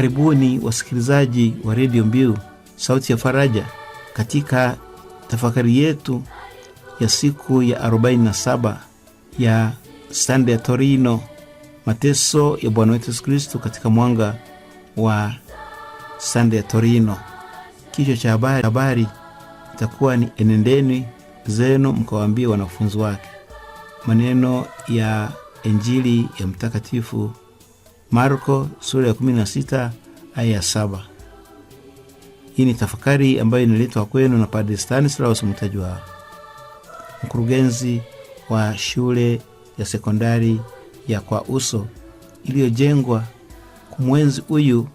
Karibuni wasikilizaji wa redio Mbiu sauti ya Faraja katika tafakari yetu ya siku ya 47 ya Sande ya Torino, mateso ya Bwana wetu Yesu Kristo katika mwanga wa Sande ya Torino. Kichwa cha habari itakuwa ni enendeni zenu mkawaambia wanafunzi wake. Maneno ya Injili ya Mtakatifu Marko sura ya 16 aya ya Hii ni tafakari ambayo inaletwa kwenu na Padre Stanislaus Mutajwaha, mkurugenzi wa shule ya sekondari ya Kwa Uso iliyojengwa kumwenzi huyu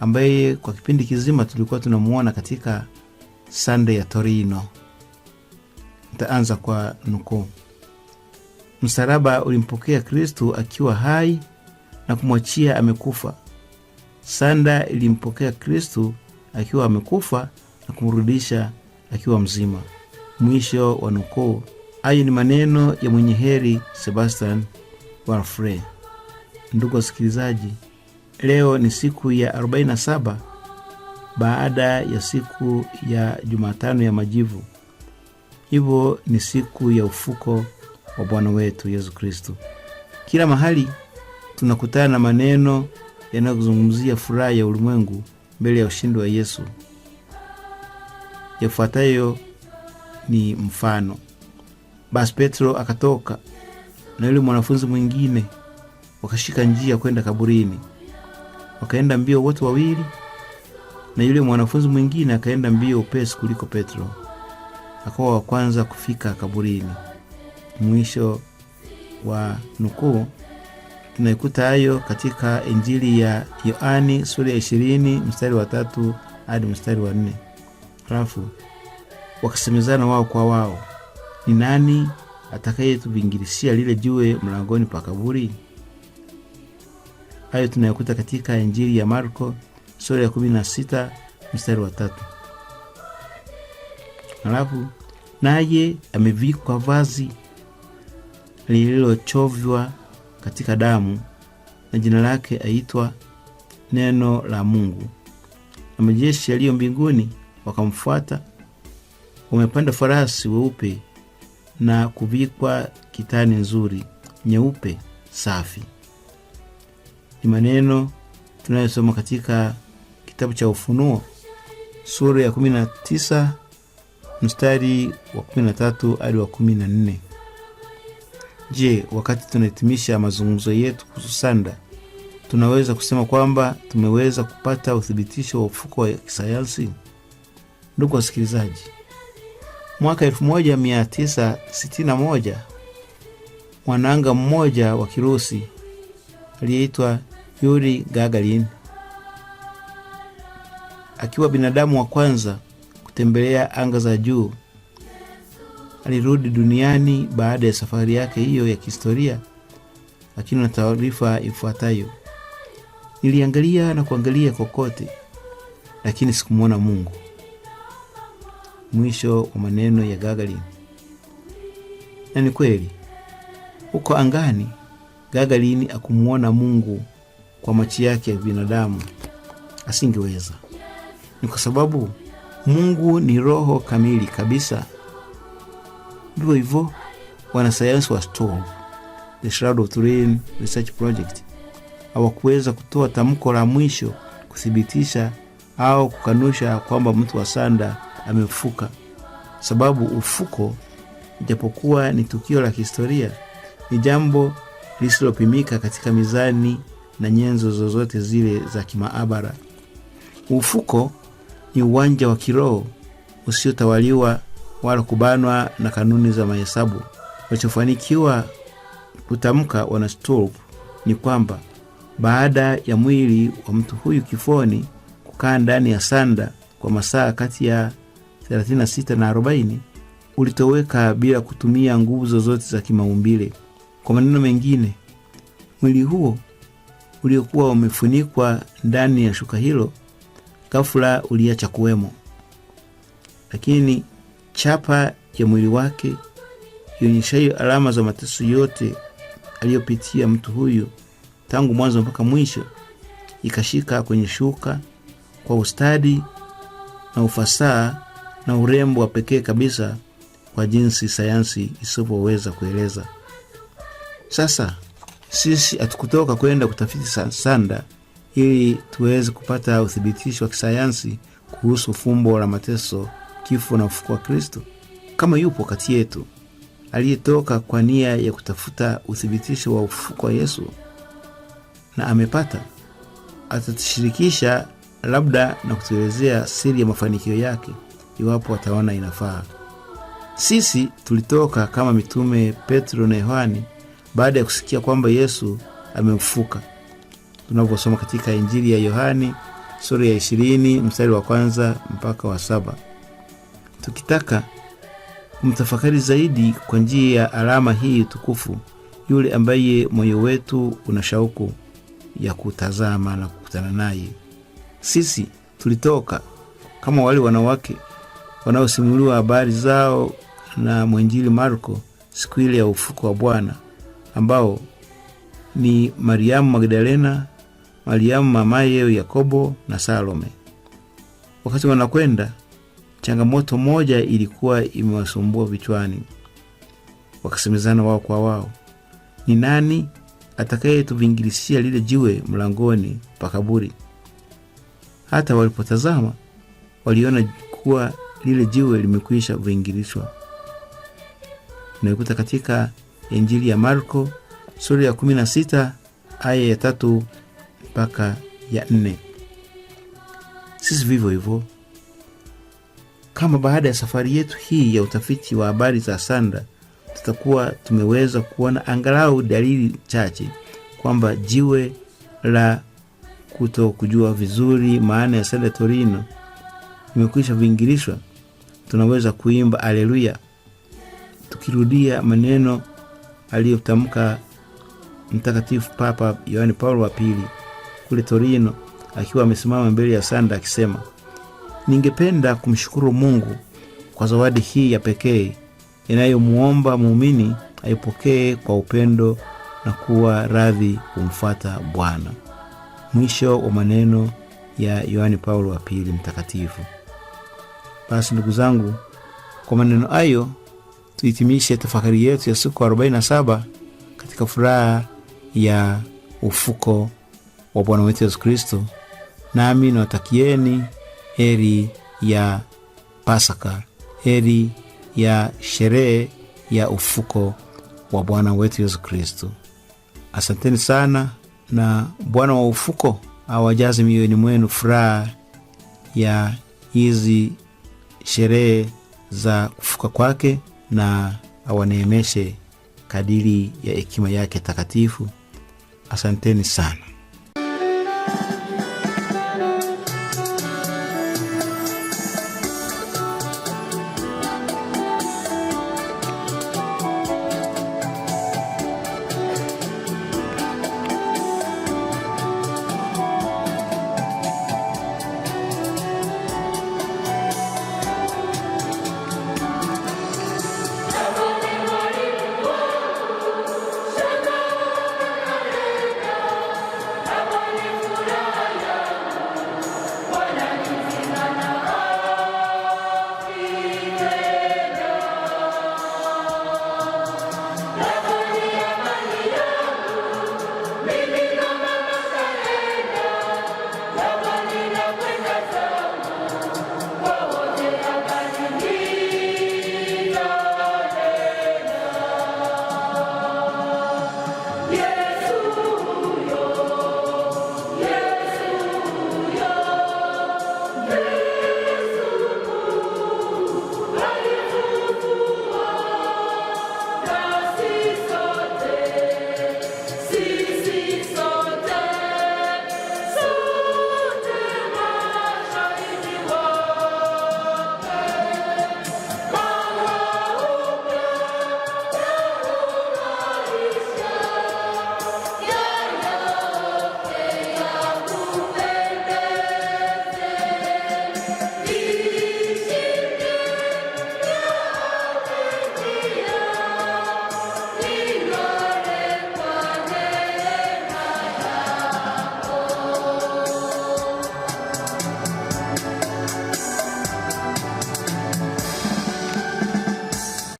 ambaye kwa kipindi kizima tulikuwa tunamuona katika Sande ya Torino. Nitaanza kwa nukuu: msalaba ulimpokea Kristu akiwa hai na kumwachia amekufa. Sanda ilimpokea Kristu akiwa amekufa na kumrudisha akiwa mzima. Mwisho wa nukuu. Hayo ni maneno ya mwenye heri Sebastian Walfre. Ndugu wasikilizaji, leo ni siku ya 47 baada ya siku ya Jumatano ya Majivu, hivyo ni siku ya ufuko wa Bwana wetu Yesu Kristu. Kila mahali tunakutana na maneno yanayozungumzia furaha ya ulimwengu mbele ya ushindi wa Yesu. Yafuatayo ni mfano: basi Petro akatoka na yule mwanafunzi mwingine, wakashika njia kwenda kaburini. Wakaenda mbio wote wawili, na yule mwanafunzi mwingine akaenda mbio upesi kuliko Petro, akawa wa kwanza kufika kaburini. Mwisho wa nukuu. Tunaikuta hayo katika Injili ya Yohani sura ya ishirini mstari wa tatu hadi mstari wa nne. Halafu wakasemezana wao kwa wao, ni nani atakayetuvingirishia lile jiwe mlangoni pa kaburi? Hayo tunayakuta katika Injili ya Marko sura ya kumi na sita mstari wa tatu. Halafu naye amevikwa vazi lililochovywa katika damu na jina lake aitwa neno la Mungu, na majeshi yaliyo mbinguni wakamfuata, wamepanda farasi weupe na kuvikwa kitani nzuri nyeupe safi. Ni maneno tunayosoma katika kitabu cha Ufunuo sura ya 19 mstari wa 13 hadi wa 14. Je, wakati tunahitimisha mazungumzo yetu kuhusu sanda, tunaweza kusema kwamba tumeweza kupata uthibitisho wa ufuko wa kisayansi? Ndugu wasikilizaji, mwaka 1961 mwananga mmoja wa Kirusi aliyeitwa Yuri Gagarin akiwa binadamu wa kwanza kutembelea anga za juu alirudi duniani baada ya safari yake hiyo ya kihistoria, lakini na taarifa ifuatayo: niliangalia na kuangalia kokote, lakini sikumwona Mungu. Mwisho wa maneno ya Gagarin. Na ni kweli, huko angani Gagarin akumuona Mungu kwa macho yake ya binadamu, asingeweza. Ni kwa sababu Mungu ni roho kamili kabisa ndivyo hivyo wanasayansi wa STOV, the Shroud of Turin Research Project, hawakuweza kutoa tamko la mwisho kuthibitisha au kukanusha kwamba mtu wa sanda amefuka, sababu ufuko, ijapokuwa ni tukio la kihistoria, ni jambo lisilopimika katika mizani na nyenzo zozote zile za kimaabara. Ufuko ni uwanja wa kiroho usiotawaliwa wala kubanwa na kanuni za mahesabu. Walichofanikiwa kutamka wanastorp ni kwamba baada ya mwili wa mtu huyu kifoni kukaa ndani ya sanda kwa masaa kati ya 36 na 40, ulitoweka bila kutumia nguvu zozote za kimaumbile. Kwa maneno mengine, mwili huo uliokuwa umefunikwa ndani ya shuka hilo ghafula uliacha kuwemo, lakini chapa ya mwili wake ionyeshayo alama za mateso yote aliyopitia mtu huyu tangu mwanzo mpaka mwisho, ikashika kwenye shuka kwa ustadi na ufasaha na urembo wa pekee kabisa kwa jinsi sayansi isivyoweza kueleza. Sasa sisi hatukutoka kwenda kutafiti sanda ili tuweze kupata uthibitisho wa kisayansi kuhusu fumbo la mateso kifo na ufufuo wa Kristo? Kama yupo kati yetu aliyetoka kwa nia ya kutafuta uthibitisho wa ufuko wa Yesu na amepata, atatushirikisha labda na kutuelezea siri ya mafanikio yake iwapo ataona inafaa. Sisi tulitoka kama mitume Petro na Yohani baada ya kusikia kwamba Yesu amemfuka, tunavyosoma katika Injili ya Yohani sura ya ishirini mstari wa kwanza mpaka wa saba. Tukitaka kumtafakari zaidi kwa njia ya alama hii tukufu, yule ambaye moyo wetu una shauku ya kutazama na kukutana naye. Sisi tulitoka kama wale wanawake wanaosimuliwa habari zao na mwenjili Marko siku ile ya ufuko wa Bwana, ambao ni Mariamu Magdalena, Mariamu mamaye Yakobo na Salome. Wakati wanakwenda Changamoto moja ilikuwa imewasumbua vichwani, wakasemezana wao kwa wao, ni nani atakayetuvingirishia lile jiwe mlangoni pa kaburi? Hata walipotazama waliona kuwa lile jiwe limekwisha vingirishwa. Unaikuta katika Injili ya Marko sura ya sita aya ya tatu mpaka ya nne. Sisi vivyo hivyo kama baada ya safari yetu hii ya utafiti wa habari za sanda tutakuwa tumeweza kuona angalau dalili chache kwamba jiwe la kuto kujua vizuri maana ya sanda Torino imekwisha vingirishwa, tunaweza kuimba aleluya, tukirudia maneno aliyotamka Mtakatifu Papa yoani Paulo wa pili kule Torino, akiwa amesimama mbele ya sanda akisema Ningependa kumshukuru Mungu kwa zawadi hii ya pekee inayomwomba muumini aipokee kwa upendo na kuwa radhi kumfuata Bwana. Mwisho wa maneno ya Yohani Paulo wa Pili Mtakatifu. Basi ndugu zangu, kwa maneno hayo tuhitimishe tafakari yetu ya siku 47 katika furaha ya ufuko wa Bwana wetu Yesu Kristo. Nami nawatakieni heri ya Pasaka, heri ya sherehe ya ufuko wa Bwana wetu Yesu Kristu. Asanteni sana, na Bwana wa ufuko awajazi mioyoni mwenu furaha ya hizi sherehe za kufuka kwake, na awaneemeshe kadiri ya hekima yake takatifu. Asanteni sana.